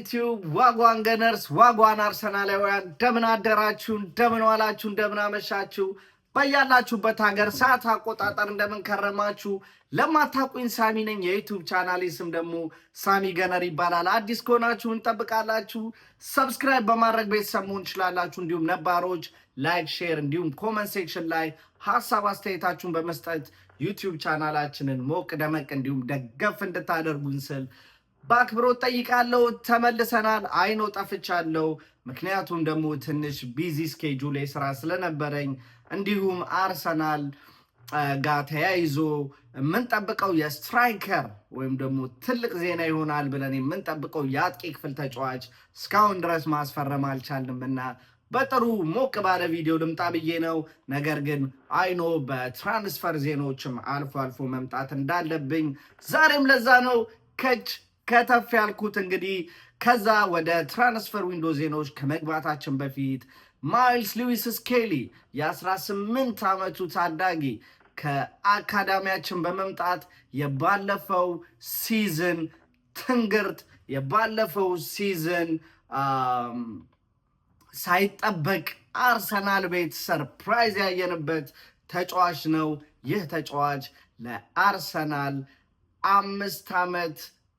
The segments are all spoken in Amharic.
ዩቲዩብ ዋጓን ገነርስ ዋጓን አርሰናላውያን እንደምን አደራችሁ፣ እንደምን ዋላችሁ፣ እንደምን አመሻችሁ። በያላችሁበት ሀገር ሰዓት አቆጣጠር እንደምን ከረማችሁ። ለማታውቁኝ ሳሚ ነኝ። የዩቱብ ቻናሌ ስም ደግሞ ሳሚ ገነር ይባላል። አዲስ ከሆናችሁ እንጠብቃላችሁ። ሰብስክራይብ በማድረግ ቤተሰብ መሆን እንችላላችሁ። እንዲሁም ነባሮች ላይክ፣ ሼር እንዲሁም ኮመንት ሴክሽን ላይ ሀሳብ አስተያየታችሁን በመስጠት ዩቲዩብ ቻናላችንን ሞቅ ደመቅ እንዲሁም ደገፍ እንድታደርጉን ስል በአክብሮት ጠይቃለሁ። ተመልሰናል። አይኖ ጠፍቻለሁ፣ ምክንያቱም ደግሞ ትንሽ ቢዚ ስኬጁል ስራ ስለነበረኝ እንዲሁም አርሰናል ጋር ተያይዞ የምንጠብቀው የስትራይከር ወይም ደግሞ ትልቅ ዜና ይሆናል ብለን የምንጠብቀው የአጥቂ ክፍል ተጫዋች እስካሁን ድረስ ማስፈረም አልቻልንም እና በጥሩ ሞቅ ባለ ቪዲዮ ልምጣ ብዬ ነው። ነገር ግን አይኖ በትራንስፈር ዜናዎችም አልፎ አልፎ መምጣት እንዳለብኝ ዛሬም ለዛ ነው ከች ከተፍ ያልኩት እንግዲህ ከዛ ወደ ትራንስፈር ዊንዶ ዜናዎች ከመግባታችን በፊት ማይልስ ሉዊስ ስኬሊ የ18 ዓመቱ ታዳጊ ከአካዳሚያችን በመምጣት የባለፈው ሲዝን ትንግርት የባለፈው ሲዝን ሳይጠበቅ አርሰናል ቤት ሰርፕራይዝ ያየንበት ተጫዋች ነው። ይህ ተጫዋች ለአርሰናል አምስት ዓመት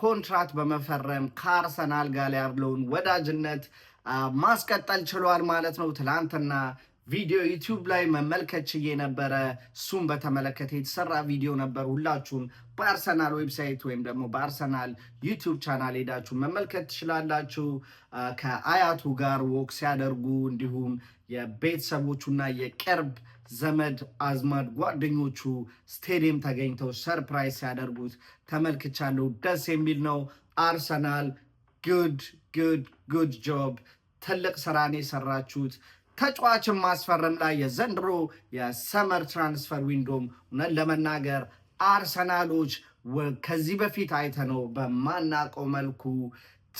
ኮንትራክት በመፈረም ከአርሰናል ጋር ያለውን ወዳጅነት ማስቀጠል ችሏል ማለት ነው። ትላንትና ቪዲዮ ዩቲዩብ ላይ መመልከት ችዬ ነበረ። እሱም በተመለከተ የተሰራ ቪዲዮ ነበር። ሁላችሁም በአርሰናል ዌብሳይት ወይም ደግሞ በአርሰናል ዩቲዩብ ቻናል ሄዳችሁ መመልከት ትችላላችሁ። ከአያቱ ጋር ወክ ሲያደርጉ እንዲሁም የቤተሰቦቹና የቅርብ ዘመድ አዝማድ ጓደኞቹ ስቴዲየም ተገኝተው ሰርፕራይዝ ሲያደርጉት ተመልክቻለሁ። ደስ የሚል ነው። አርሰናል ጉድ ጉድ ጉድ ጆብ፣ ትልቅ ስራን የሰራችሁት ተጫዋችን ማስፈረም ላይ የዘንድሮ የሰመር ትራንስፈር ዊንዶም እውነት ለመናገር አርሰናሎች ከዚህ በፊት አይተነው በማናቀው መልኩ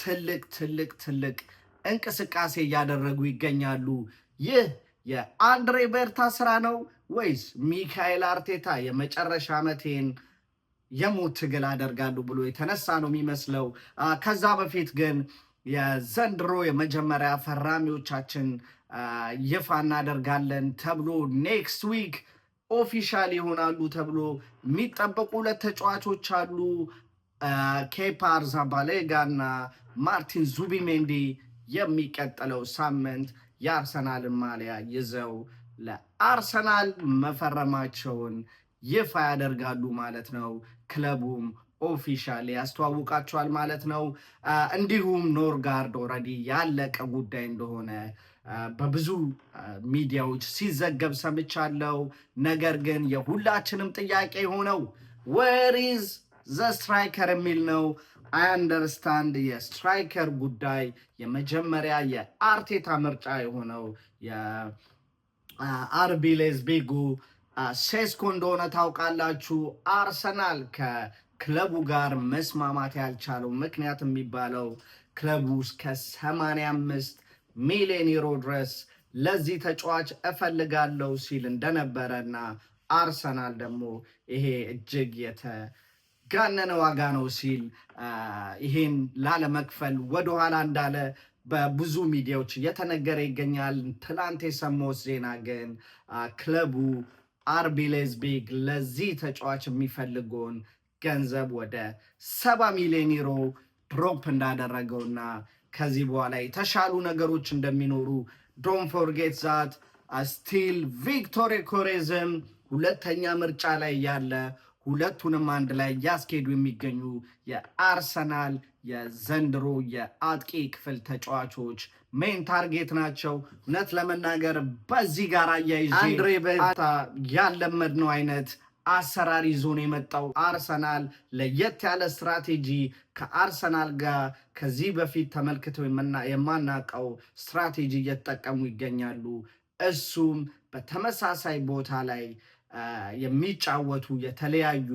ትልቅ ትልቅ ትልቅ እንቅስቃሴ እያደረጉ ይገኛሉ። ይህ የአንድሬ በርታ ስራ ነው ወይስ ሚካኤል አርቴታ የመጨረሻ ዓመቴን የሞት ትግል አደርጋሉ ብሎ የተነሳ ነው የሚመስለው። ከዛ በፊት ግን የዘንድሮ የመጀመሪያ ፈራሚዎቻችን ይፋ እናደርጋለን ተብሎ ኔክስት ዊክ ኦፊሻል ይሆናሉ ተብሎ የሚጠበቁ ሁለት ተጫዋቾች አሉ። ኬፓ አሪዛባላጋ እና ማርቲን ዙቢሜንዲ የሚቀጥለው ሳምንት የአርሰናልን ማሊያ ይዘው ለአርሰናል መፈረማቸውን ይፋ ያደርጋሉ ማለት ነው። ክለቡም ኦፊሻል ያስተዋውቃቸዋል ማለት ነው። እንዲሁም ኖርጋርድ ኦልሬዲ ያለቀ ጉዳይ እንደሆነ በብዙ ሚዲያዎች ሲዘገብ ሰምቻለው ነገር ግን የሁላችንም ጥያቄ የሆነው ወሪዝ ዘ ስትራይከር የሚል ነው። አይ አንደርስታንድ የስትራይከር ጉዳይ የመጀመሪያ የአርቴታ ምርጫ የሆነው የአርቢ ሌዝቤጉ ሴስኮ እንደሆነ ታውቃላችሁ። አርሰናል ከክለቡ ጋር መስማማት ያልቻለው ምክንያት የሚባለው ክለቡ እስከ ሰማንያ አምስት ሚሊዮን ዩሮ ድረስ ለዚህ ተጫዋች እፈልጋለሁ ሲል እንደነበረና አርሰናል ደግሞ ይሄ እጅግ የተጋነነ ዋጋ ነው ሲል ይሄን ላለመክፈል ወደኋላ እንዳለ በብዙ ሚዲያዎች እየተነገረ ይገኛል። ትላንት የሰማሁት ዜና ግን ክለቡ አርቢ ሌዝቢግ ለዚህ ተጫዋች የሚፈልገውን ገንዘብ ወደ ሰባ ሚሊዮን ዩሮ ድሮፕ እንዳደረገውና ከዚህ በኋላ የተሻሉ ነገሮች እንደሚኖሩ ዶን ፎርጌት ዛት ስቲል ቪክቶሪ ኮሬዝም ሁለተኛ ምርጫ ላይ ያለ ሁለቱንም አንድ ላይ እያስኬዱ የሚገኙ የአርሰናል የዘንድሮ የአጥቂ ክፍል ተጫዋቾች ሜን ታርጌት ናቸው። እውነት ለመናገር በዚህ ጋር አያይዤ አንድሬ በታ ያለመድነው አይነት አሰራር ይዞ ነው የመጣው። አርሰናል ለየት ያለ ስትራቴጂ ከአርሰናል ጋር ከዚህ በፊት ተመልክተው የማናውቀው ስትራቴጂ እየተጠቀሙ ይገኛሉ። እሱም በተመሳሳይ ቦታ ላይ የሚጫወቱ የተለያዩ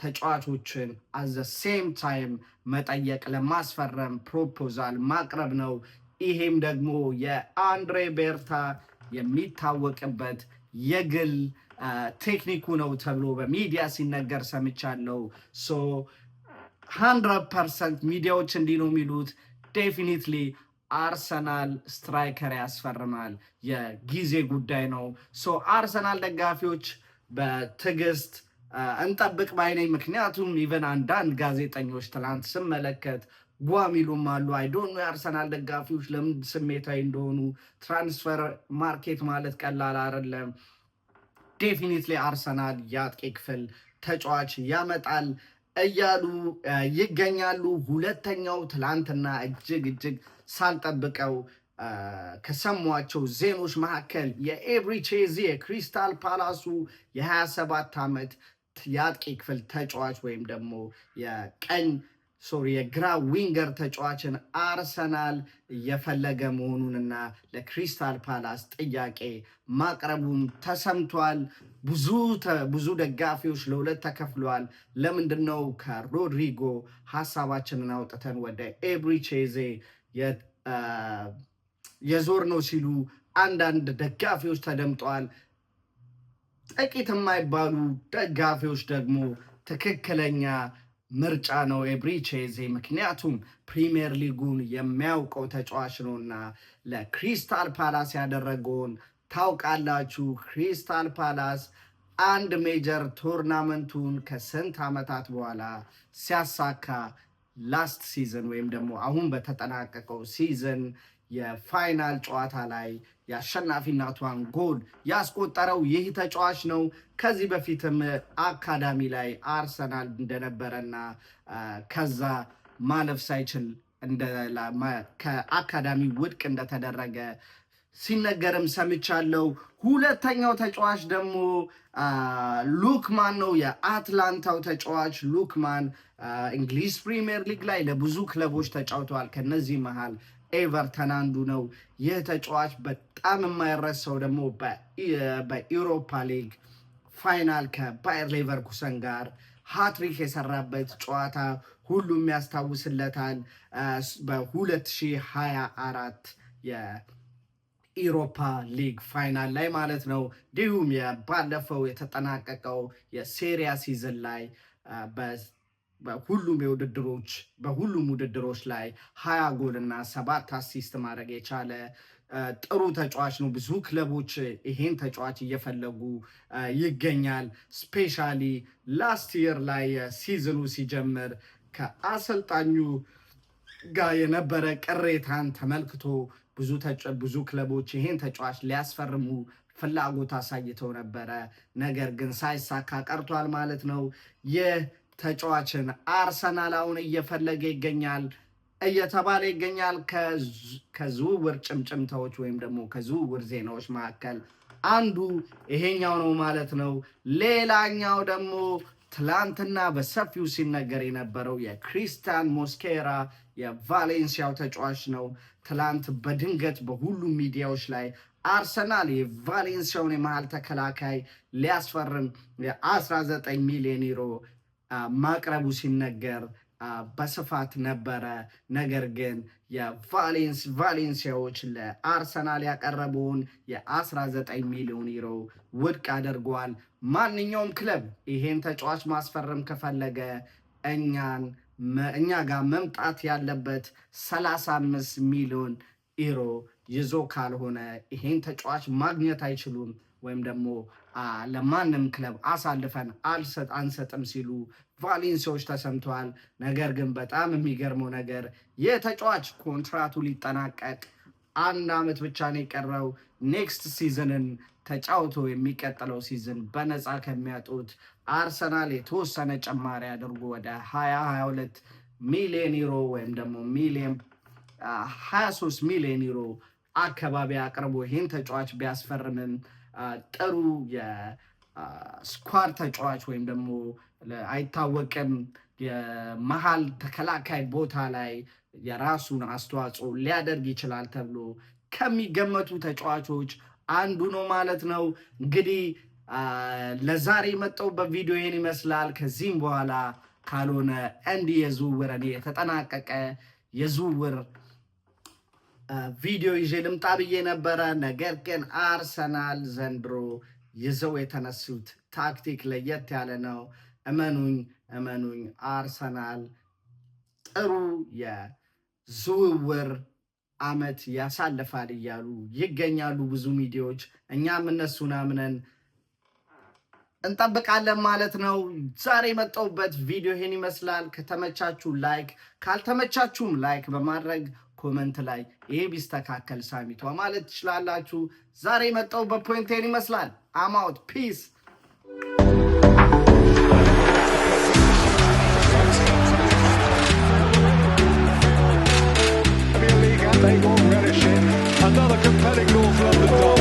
ተጫዋቾችን አዘ ሴም ታይም መጠየቅ፣ ለማስፈረም ፕሮፖዛል ማቅረብ ነው። ይሄም ደግሞ የአንድሬ ቤርታ የሚታወቅበት የግል ቴክኒኩ ነው ተብሎ በሚዲያ ሲነገር ሰምቻለሁ። ሶ ሃንድረድ ፐርሰንት ሚዲያዎች እንዲህ ነው የሚሉት። ዴፊኒትሊ አርሰናል ስትራይከር ያስፈርማል፣ የጊዜ ጉዳይ ነው። ሶ አርሰናል ደጋፊዎች በትዕግስት እንጠብቅ ባይነኝ። ምክንያቱም ኢቨን አንዳንድ ጋዜጠኞች ትላንት ስመለከት ጓ ሚሉም አሉ። አይዶን የአርሰናል ደጋፊዎች ለምን ስሜታዊ እንደሆኑ ትራንስፈር ማርኬት ማለት ቀላል አይደለም። ዴፊኒትሊ አርሰናል የአጥቂ ክፍል ተጫዋች ያመጣል እያሉ ይገኛሉ። ሁለተኛው ትላንትና እጅግ እጅግ ሳልጠብቀው ከሰሟቸው ዜኖች መካከል የኤቭሪቼዚ የክሪስታል ፓላሱ የ27 ዓመት የአጥቂ ክፍል ተጫዋች ወይም ደግሞ የቀኝ ሶሪ የግራ ዊንገር ተጫዋችን አርሰናል እየፈለገ መሆኑንና ለክሪስታል ፓላስ ጥያቄ ማቅረቡም ተሰምቷል። ብዙ ደጋፊዎች ለሁለት ተከፍለዋል። ለምንድን ነው ከሮድሪጎ ሀሳባችንን አውጥተን ወደ ኤብሪቼዜ የዞር ነው ሲሉ አንዳንድ ደጋፊዎች ተደምጠዋል። ጥቂት የማይባሉ ደጋፊዎች ደግሞ ትክክለኛ ምርጫ ነው ኤብሪቼዜ። ምክንያቱም ፕሪሚየር ሊጉን የሚያውቀው ተጫዋች ነውና፣ ለክሪስታል ፓላስ ያደረገውን ታውቃላችሁ። ክሪስታል ፓላስ አንድ ሜጀር ቱርናመንቱን ከስንት ዓመታት በኋላ ሲያሳካ ላስት ሲዝን ወይም ደግሞ አሁን በተጠናቀቀው ሲዝን የፋይናል ጨዋታ ላይ የአሸናፊነቷን ጎል ያስቆጠረው ይህ ተጫዋች ነው። ከዚህ በፊትም አካዳሚ ላይ አርሰናል እንደነበረና ከዛ ማለፍ ሳይችል ከአካዳሚ ውድቅ እንደተደረገ ሲነገርም ሰምቻለሁ። ሁለተኛው ተጫዋች ደግሞ ሉክማን ነው። የአትላንታው ተጫዋች ሉክማን እንግሊዝ ፕሪሚየር ሊግ ላይ ለብዙ ክለቦች ተጫውተዋል። ከነዚህ መሃል ኤቨርተን አንዱ ነው። ይህ ተጫዋች በጣም የማይረሳው ደግሞ በኢውሮፓ ሊግ ፋይናል ከባየር ሌቨርኩሰን ጋር ሃትሪክ የሰራበት ጨዋታ ሁሉም ያስታውስለታል። በ2024 የኢሮፓ ሊግ ፋይናል ላይ ማለት ነው። እንዲሁም ባለፈው የተጠናቀቀው የሴሪያ ሲዝን ላይ በሁሉም የውድድሮች በሁሉም ውድድሮች ላይ ሀያ እና ሰባት አሲስት ማድረግ የቻለ ጥሩ ተጫዋች ነው። ብዙ ክለቦች ይሄን ተጫዋች እየፈለጉ ይገኛል። ስፔሻሊ ላስት የር ላይ ሲዝኑ ሲጀምር ከአሰልጣኙ ጋር የነበረ ቅሬታን ተመልክቶ ብዙ ክለቦች ይሄን ተጫዋች ሊያስፈርሙ ፍላጎት አሳይተው ነበረ። ነገር ግን ሳይሳካ ቀርቷል ማለት ነው። ተጫዋችን አርሰናል አሁን እየፈለገ ይገኛል እየተባለ ይገኛል። ከዝውውር ጭምጭምታዎች ወይም ደግሞ ከዝውውር ዜናዎች መካከል አንዱ ይሄኛው ነው ማለት ነው። ሌላኛው ደግሞ ትላንትና በሰፊው ሲነገር የነበረው የክሪስቲያን ሞስኬራ የቫሌንሲያው ተጫዋች ነው። ትላንት በድንገት በሁሉም ሚዲያዎች ላይ አርሰናል የቫሌንሲያውን የመሃል ተከላካይ ሊያስፈርም የ19 ሚሊዮን ዩሮ ማቅረቡ ሲነገር በስፋት ነበረ። ነገር ግን የቫሌንስ ቫሌንሲያዎች ለአርሰናል ያቀረበውን የ19 ሚሊዮን ዩሮ ውድቅ አድርጓል። ማንኛውም ክለብ ይሄን ተጫዋች ማስፈረም ከፈለገ እኛን እኛ ጋር መምጣት ያለበት 35 ሚሊዮን ዩሮ ይዞ ካልሆነ ይሄን ተጫዋች ማግኘት አይችሉም። ወይም ደግሞ ለማንም ክለብ አሳልፈን አልሰጥ አንሰጥም ሲሉ ቫሌንሲያዎች ተሰምተዋል። ነገር ግን በጣም የሚገርመው ነገር የተጫዋች ኮንትራቱ ሊጠናቀቅ አንድ ዓመት ብቻ ነው የቀረው። ኔክስት ሲዝንን ተጫውቶ የሚቀጥለው ሲዝን በነፃ ከሚያጡት አርሰናል የተወሰነ ጭማሪ አድርጎ ወደ 2022 ሚሊዮን ዩሮ ወይም ደግሞ ሚሊዮን 23 ሚሊዮን ዩሮ አካባቢ አቅርቦ ይህን ተጫዋች ቢያስፈርምም ጥሩ የስኳር ተጫዋች ወይም ደግሞ አይታወቅም የመሀል ተከላካይ ቦታ ላይ የራሱን አስተዋጽኦ ሊያደርግ ይችላል ተብሎ ከሚገመቱ ተጫዋቾች አንዱ ነው ማለት ነው። እንግዲህ ለዛሬ የመጣሁበት በቪዲዮ ይህን ይመስላል። ከዚህም በኋላ ካልሆነ እንዲህ የዝውውር እኔ የተጠናቀቀ የዝውውር ቪዲዮ ይዤ ልምጣ ብዬ ነበረ። ነገር ግን አርሰናል ዘንድሮ ይዘው የተነሱት ታክቲክ ለየት ያለ ነው። እመኑኝ እመኑኝ አርሰናል ጥሩ የዝውውር አመት ያሳልፋል እያሉ ይገኛሉ ብዙ ሚዲያዎች። እኛም እነሱን አምነን እንጠብቃለን ማለት ነው። ዛሬ የመጣሁበት ቪዲዮ ይህን ይመስላል። ከተመቻችሁ ላይክ፣ ካልተመቻችሁም ላይክ በማድረግ ኮመንት ላይ ይሄ ቢስተካከል ሳሚቷ ማለት ትችላላችሁ። ዛሬ መጣው ፖይንቴን ይመስላል። አማውት ፒስ They won't relish it. Another compelling North London goal.